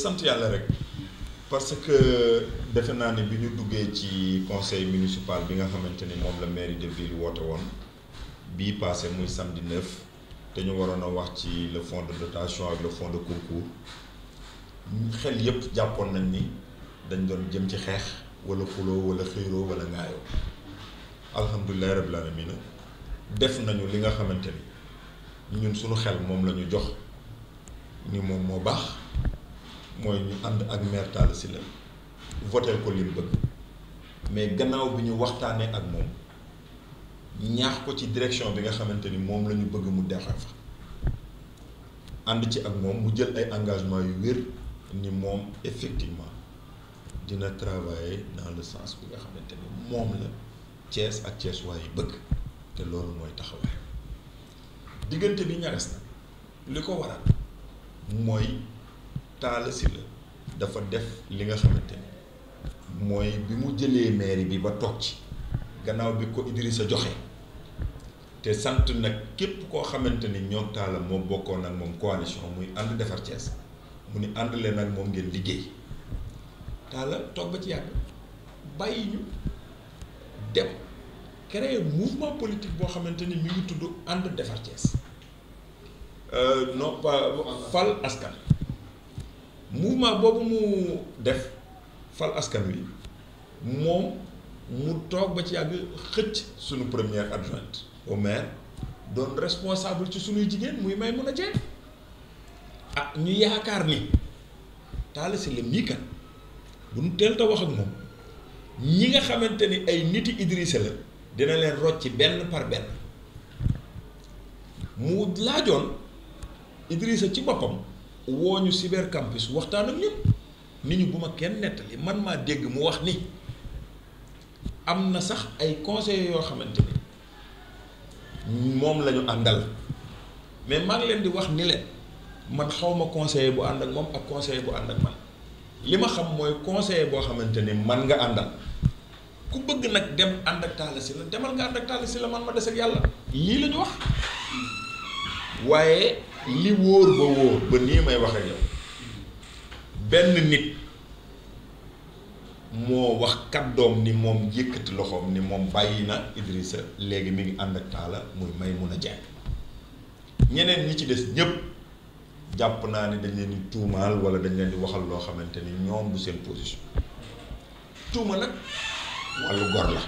sant yàlla rek parce que defe naa ni bi ñu duggee ci conseil municipal bi nga xamante ni moom la mairie de ville woote woon bii passé muy samedi 9 te ñu waroon a wax ci le fonds de dotation ak le fond de concours xel yëpp jàppoon nañ ni dañ doon jëm ci xeex wala xuloo wala xiiroo wala ngaayoo alhamdulilahi rabbil alamina def nañu li nga xamante ni ñun suñu xel moom la ñu jox ni moom moo baax mooy ñu ànd ak maire si la votel ko li bëgg mais gannaaw bi ñu waxtaanee ak moom ñaax ko ci direction bi nga xamante ni moom lañu bëgg mu dexe fa ànd ci ak moom mu jël ay engagement yu wér ni moom effectivement dina travailler dans le sens bi nga xamante ni moom la Thiès ak Thiès waaye bëgg te loolu mooy taxawaay diggante bi ñagas na li ko waral mooy Talla Sylla dafa def li nga xamante ni mooy bi mu jëlee mairie bi ba toog ci gannaaw bi ko sa joxe te sant nag képp koo xamante ni ñoom Talla moo bokkoon ak moom coalition muy ànd defar Thiès mu ni ànd leen ak moom ngeen liggéey Talla toog ba ci yàgg bàyyi ñu dem créer mouvement politique boo xamante ni mi ngi tudd ànd defar Thiès euh, non pas fal askan mouvement boobu mu def fal askan wi moom mu toog ba ci yàgg xëcc suñu première adjointe au maire doon responsable ci suñuy jigéen muy may mun a jeex ah ñu yaakaar ni Talla Sylla mii kat bu ñu teel te wax ak moom ñi nga xamante ni ay niti Idrissa la dina leen rocc benn par benn mu laajoon Idrissa ci boppam woo ñu cyber campus waxtaan ak ñun ni ñu bu ma kenn nettali man maa dégg mu wax ni am na sax ay conseillers yoo xamante ni moom la ñu àndal mais maa ngi leen di wax ni leen man xaw ma conseiller bu ànd ak moom ak conseiller bu ànd ak man li ma xam mooy conseiller boo xamante ni man nga àndal ku bëgg nag dem ànd ak Talla Sylla demal nga ànd ak Talla la man ma des ak yàlla lii la wax waaye. li wóor ba wóor ba nii may wax ak benn nit moo wax kàddoom ni moom yëkkati loxoom ni moom bàyyi na Idrissa léegi mi ngi ànd ak Talla muy a Dieng ñeneen ñi ci des ñëpp jàpp naa ni dañ leen di tuumaal wala dañ leen di waxal loo xamante ni ñoom du seen position tuuma nag wàllu gor la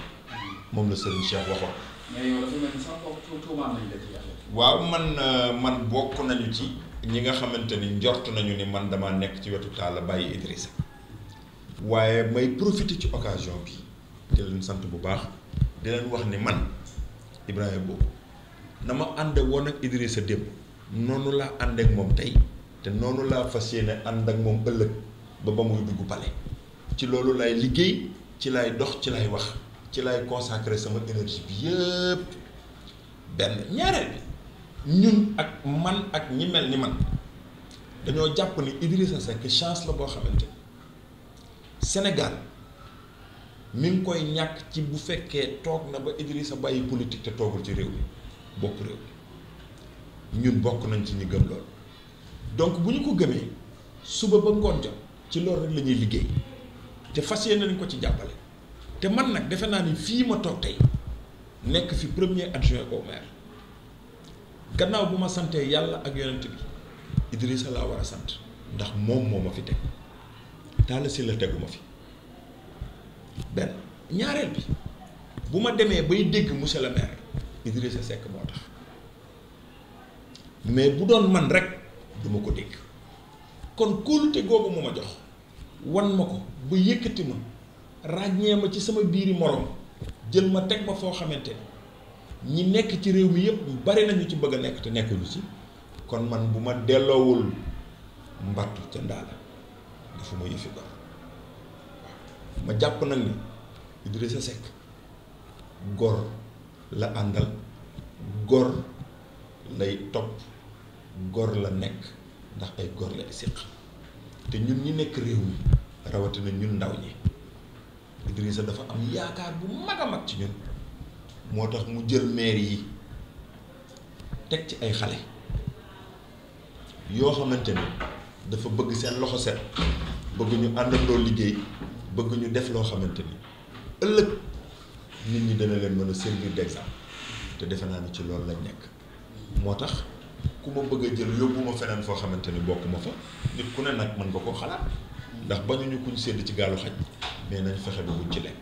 moom la Serigne Cheikh waxoon. waaw man euh, man bokk nañu ci ñi nga xamante ni njort nañu ni man dama nekk ci wetu Talla bàyyi Idrissa waaye may profiter ci occasion bi di leen sant bu baax di wax ni man Ibrahima boobu na ma ànd woon ak Idrissa démb noonu laa àndeek moom tey te noonu laa fas yéene ànd ak moom ëllëg ba ba muy dugg pale ci loolu lay liggéey ci lay dox ci lay wax ci lay consacrer sama énergie bi yëpp benn ñaareel bi ñun ak man ak ñi mel ni man dañoo jàpp ni Idrissa Seck chance la boo xamante Sénégal ming koy ñàkk ci bu fekkee toog na ba Idrissa bàyyi politique te toogul ci réew mi bokk réew mi ñun bokk nañ ci ñi gëm lool donc bu ñu ko gëmee suba ba ngoon jot ci loolu rek la ñuy liggéey te fas yéene nañ ko ci jàppale te man nag defe naa ni fii ma toog tey nekk fi premier adjoint au maire gannaaw bu ma santee yàlla ak yonent bi Idrissa laa war a sant ndax moom moo ma fi teg Talla Sylla teguma fi benn ñaareel bi bu ma demee bay dégg monsieur le maire Idrissa Seck moo tax mais bu doon man rek du ma ko dégg kon kóolute googu mu ma jox wan ma ko ba yëkkati ma ràññee ma ci sama biiri moroom jël ma teg ma foo xamante ni ñi nekk ci réew mi yëpp yu bari nañu ci bëgg a nekk te nekkuñu ci kon man bu ma delloowul mbattu ca ndaala dafa ma yëfi gor ma jàpp nag ni sa Seck gor la àndal gor lay topp gor la nekk ndax ay gor lay séq te ñun ñi nekk réew mi rawatina ñun ndaw ñi Idrissa dafa am yaakaar bu mag ci ñun moo tax mu jël maire yi teg ci ay xale yoo xamante ni dafa bëgg seen loxo set bëgg ñu àndandoo liggéey bëgg ñu def loo xamante ni ëllëg nit ñi dana leen mën a servir d'exemple te defe naa ni ci loolu lañ nekk moo tax ku ma bëgg a jël yóbbu ma feneen foo xamante ni bokk ma fa nit ku ne nag mën nga koo xalaat ndax bañuñu kuñ sédd ci gaalu xaj mais nañ fexe ba buñ ci lekk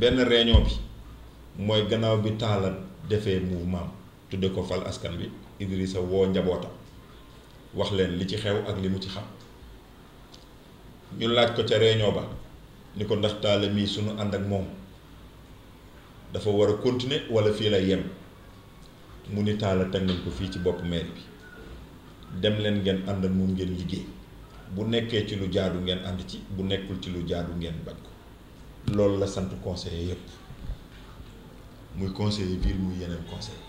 benn réunion bi mooy gannaaw bi taala defee mu maam tudde ko fal askan bi Idrissa woo njabootam wax leen li ci xew ak li mu ci xam ñu laaj ko ca réunion ba ni ko ndax Talla mii suñu ànd ak moom dafa war a continuer wala fii lay yem mu ni Talla teg nañ ko fii ci bopp maire bi dem leen ngeen ànd ak moom ngeen liggéey bu nekkee ci lu jaadu ngeen ànd ci bu nekkul ci lu jaadu ngeen bañ ko loolu la sant conseil yépp muy conseiller biir muy yeneen conseil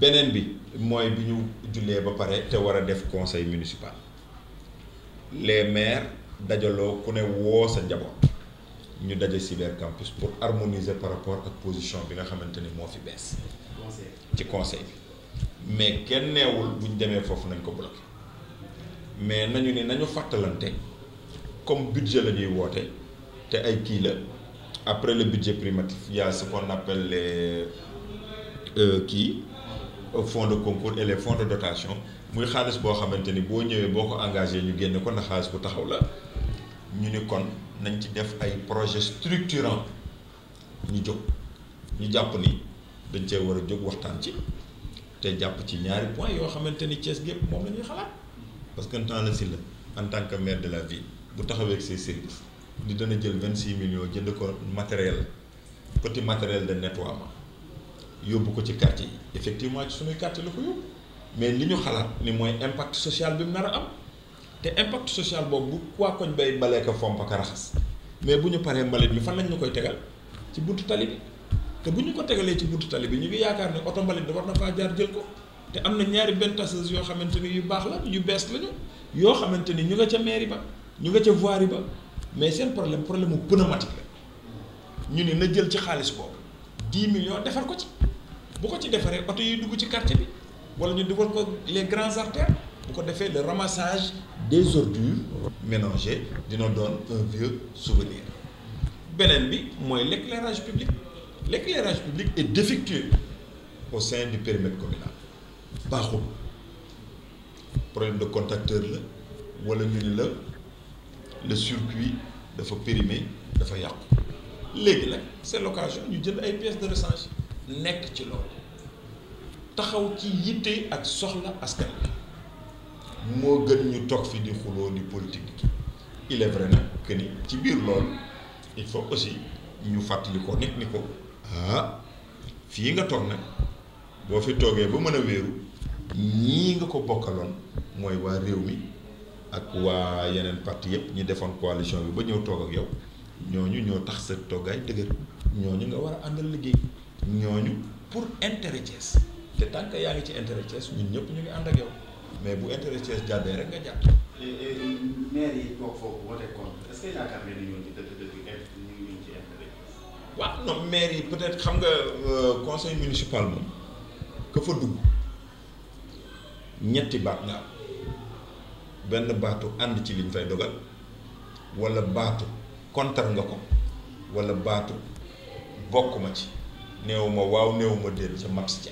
beneen bi mooy bi ñu jullee ba pare te war a def conseil municipal les maires dajaloo ku ne woo sa njaboot ñu daje cyber campus pour harmoniser par rapport ak position bi nga xamante ni moo fi bees ci conseil bi mais kenn neewul buñ demee foofu nañ ko bloqué mais nañu ne nañu fàttalante comme budget la ñuy woote te ay kii la après le budget primatif il y a ce qu'on appelle euh, kii euh, fonds de concours et les fonds de dotation muy xaalis boo xamante ni boo ñëwee boo ko engagé ñu génn ko na xaalis bu taxaw la ñu ni kon nañ ci def ay projet structurant ñu jóg ñu jàpp ni dañ cee war a jóg waxtaan ci te jàpp ci ñaari point yoo xamante ni Thiès gépp moom la ñuy xalaat parce que si Sylla en tant que maire de la ville bu taxawee ak ses services di dana jël vingt six millions jënd ko matériel petit matériel de nettoiement yóbbu ko ci quartier yi effectivement ci suñuy quartier la ko yóbbu mais li ñu xalaat ni mooy impact social bi mu nar am te impact social boobu bu waa koñ bay balee ko fomp ak raxas mais bu ñu paree mbalit mi fan lañ ñu koy tegal ci buntu tali bi te bu ñu ko tegalee ci buntu tali bi ñu ngi yaakaar ne oto mbalit bi war na faa jaar jël ko te am na ñaari benn tasseuse yoo xamante ni yu baax yu bees la yoo xamante ni ñu nga ca mairie ba ñu nga ca voirie ba mais seen problème problème mu pneumatique la ñu ne na jël ci xaalis boobu 10 millions defar ko ci bu ko ci defaree oto yi dugg ci quartier bi wala ñu dugal ko les grands artères bu ko defee le ramassage des ordures ménagées dina doon un souvenir beneen bi mooy l' éclairage public l' éclairage public est défectueux au sein du périmètre communal baaxul problème de contacteur la wala ñu ne la le circuit dafa périmé dafa yàqu léegi nag c'est l'occasion ñu jël ay pièces de rechange nekk ci loolu taxaw ci yitte ak soxla askan bi moo gën ñu toog fi di xuloo di politique il est nag que ni ci biir loolu il faut aussi ñu fàttali ko ni ko ah fii nga toog nag boo fi toogee ba mën a wéeru ñii nga ko bokkaloon mooy waa réew mi ak waa yeneen parti yëpp ñi defoon coalition bi ba ñëw toog ak yow ñooñu ñoo tax sa toggaay dëgër ñooñu nga war a àndal liggéey ñooñu pour intérêt Thiès te tant yaa ngi ci intérêt Thiès ñun ñëpp ñu ngi ànd ak yow mais bu intérêt Thiès jàddee rek nga jàpp. maire yi toog foofu woote contre est-ce ñu ngi waaw non maire peut-être xam nga euh, conseil municipal moom ka fa dugg ñetti baat nga benn baatu ànd ci liñ fay dogal wala baatu kontar nga ko wala baatu bokk ma ci néew ma waaw néew ma déet sa maps ci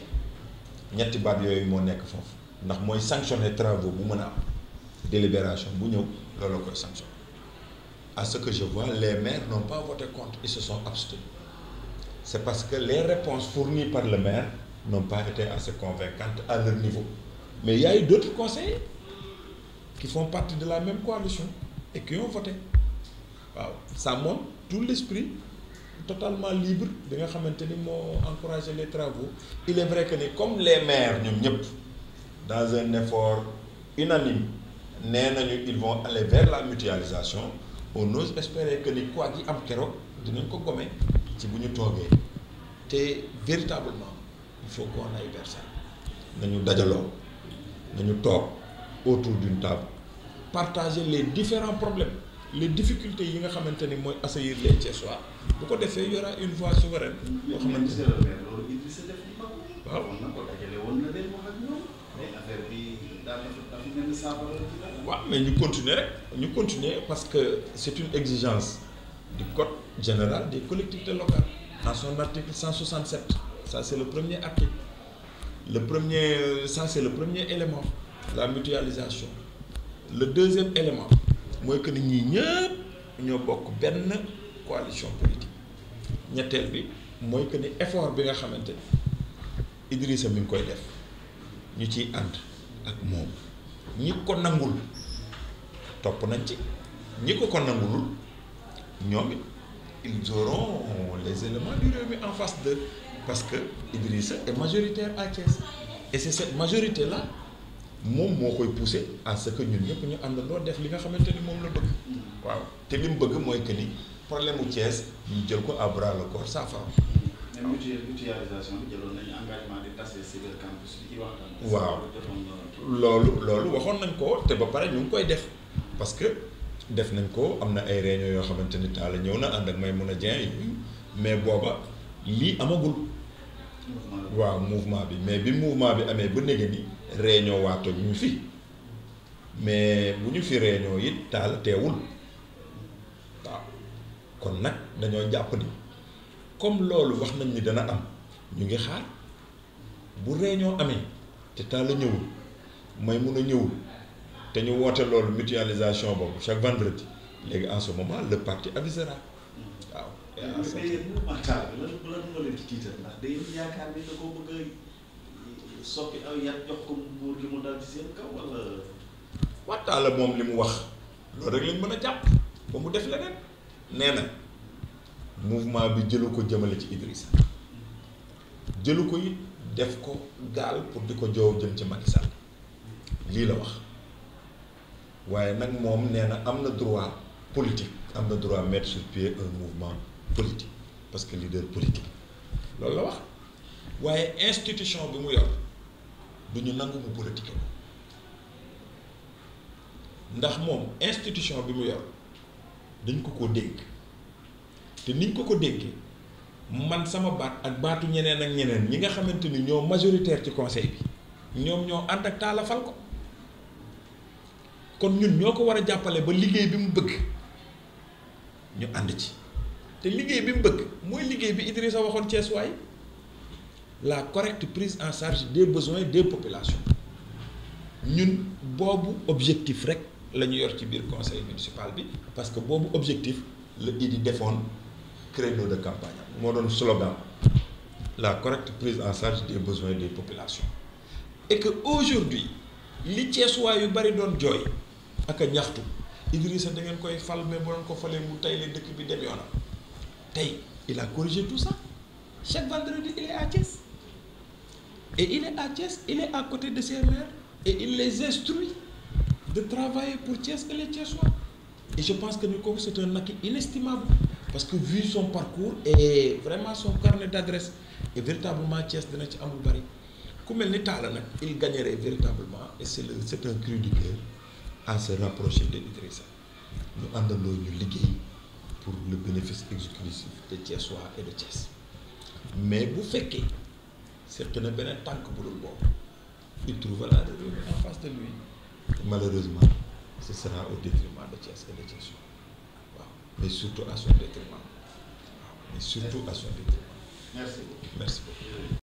ñetti baat yooyu moo nekk foofu ndax mooy sanctionner travaux bu mën a am délibération bu ñëw looloo koy sanctionner à ce que je vois les maires n'ont pas voté contre ils se sont abstenus c'est parce que les réponses fournies par le maire n'ont pas été assez convaincantes à leur niveau mais il y a eu qui font partie de la même coalition et qui ont waaw ça montre tout l'esprit totalement libre bi nga xamante ni moo encouragé les travaux il est vrai que ni comme les maires ñoom ñëpp dans un effort unanime nee nañu ils vont aller vers la mutualisation on ose espérer que ni quoi gi am keroog dinañ ko gome ci bu ñu toogee te véritablement il faut qu'on aille vers ça nañu dajaloo nañu toog autour d'une table partager les différents problèmes les difficultés yi nga xamante ni mooy assaillir les Thiessois bu ko defee y aura une voix souveraine boo xamante ni waaw waaw mais ñu continuer ñu continuer parce que c'est une exigence di code général des collectivités locales dans son article 167 ça c'est le premier article le premier ça c'est le premier élément la mutualisation le deuxième élément mooy que nit ñi ñëpp ñoo bokk benn coalition politique ñetteel bi mooy que ni effort bi nga xamante ni Idrissa mi ngi koy def ñu ciy ànd ak moom ñi ko nangul topp nañ ci ñi ko ko nangulul ñoom it ils auront les éléments du réew mi en face d'eux parce que Idrissa est majoritaire à Thiès et c'est majorité la moom moo koy poussé à ce que ñu ñëpp ñu loo def li nga xamante ni moom la bëgg. waaw te li mu bëgg mooy que ni problème mu Thiès ñu jël ko à bras le corps sans faram. waaw mais mutualisation bi jëloon nañu engagement di tase ci biir campus bi loolu loolu waxoon nañ ko te ba pare ñu ngi koy def parce que def nañ ko am na ay réunion yoo xamante ni taal ñëw na ànd ak may mun a jën mais booba lii amagul. waaw mouvement bi mais bi mouvement bi amee ba néga ni réunion waa toj ñu fi mais bu ñu fi réunion yi taal teewul waaw kon nag dañoo jàpp ni comme loolu wax nañ ni dana am ñu ngi xaar bu réunion amee te taal la ñëwul may mun a ñëwul te ñu woote loolu mutualisation boobu chaque vendredi léegi en ce moment le parti avisera waaw waaw mais yéen mouvement Kaar bi lan lan moo leen ci tiital ndax day yaakaar ni da koo bëgg a eh, soppi aw yat jox ko nguur gi mu dal ci seen kaw wala. waxtaan moom li mu wax loolu rek lañ mën a jàpp ba mu def leneen nee na mouvement bi jëlu ko jëmale ci Idrissa jëlu ko it def ko gaal pour di ko joow jëm ci Macky Sall lii la wax waaye nag moom nee na am na droit politique am na droit mettre sur pied mouvement politique parce que leader politique loolu la wax waaye institution bi mu yor du ñu nangu mu politique ndax moom institution bi mu yor dañ ko ko dégg te niñ ko ko déggee man sama baat ak baatu ñeneen ak ñeneen ñi nga xamante ni ñoo majoritaire ci conseil bi ñoom ñoo ànd ak taala fal ko kon ñun ñoo ko war a jàppale ba liggéey bi mu bëgg ñu ànd ci te liggéey bi mu bëgg mooy liggéey bi Idrissa waxoon Thiès waay la correcte prise en charge des besoins des population ñun boobu objectif rek la ñu yor ci biir conseil municipal bi parce que boobu objectif la di defoon credo de campagne moo doon slogan la correcte prise en charge des besoins des population et que aujourd'hui li Thiessois yu bari doon jooy ak a ñaxtu Idrissa a ngeen koy fal mais bu doon ko falee mu tay le dëkk bi dem yoona tey il a corrigé tout ça chaque vendredi il est à Thiès et il est à Thiès il est à côté de ses et il les instruit de travailler pour Thiès et les Thiessois et je pense que ni kooku c'est un acquis inestimable parce que vu son parcours et vraiment son carnet d'adresse et véritablement Thiès dina ci am lu bari ku mel ni Talla nag il gagnerait véritablement et c'est le c'est un cri du cœur à se rapprocher de Idrissa ñu àndandoo ñu liggéey. pour le bénéfice exclusif de Thiessois et de Thiès mais bu fekkee seq na beneen tànk bu dul boobu il trouvera le Rewmi en face de lui malheureusement ce sera au détriment de Thiès et de Thiessois waaw mais surtout à son détriment waaw mais surtout à détriment merci beaucoup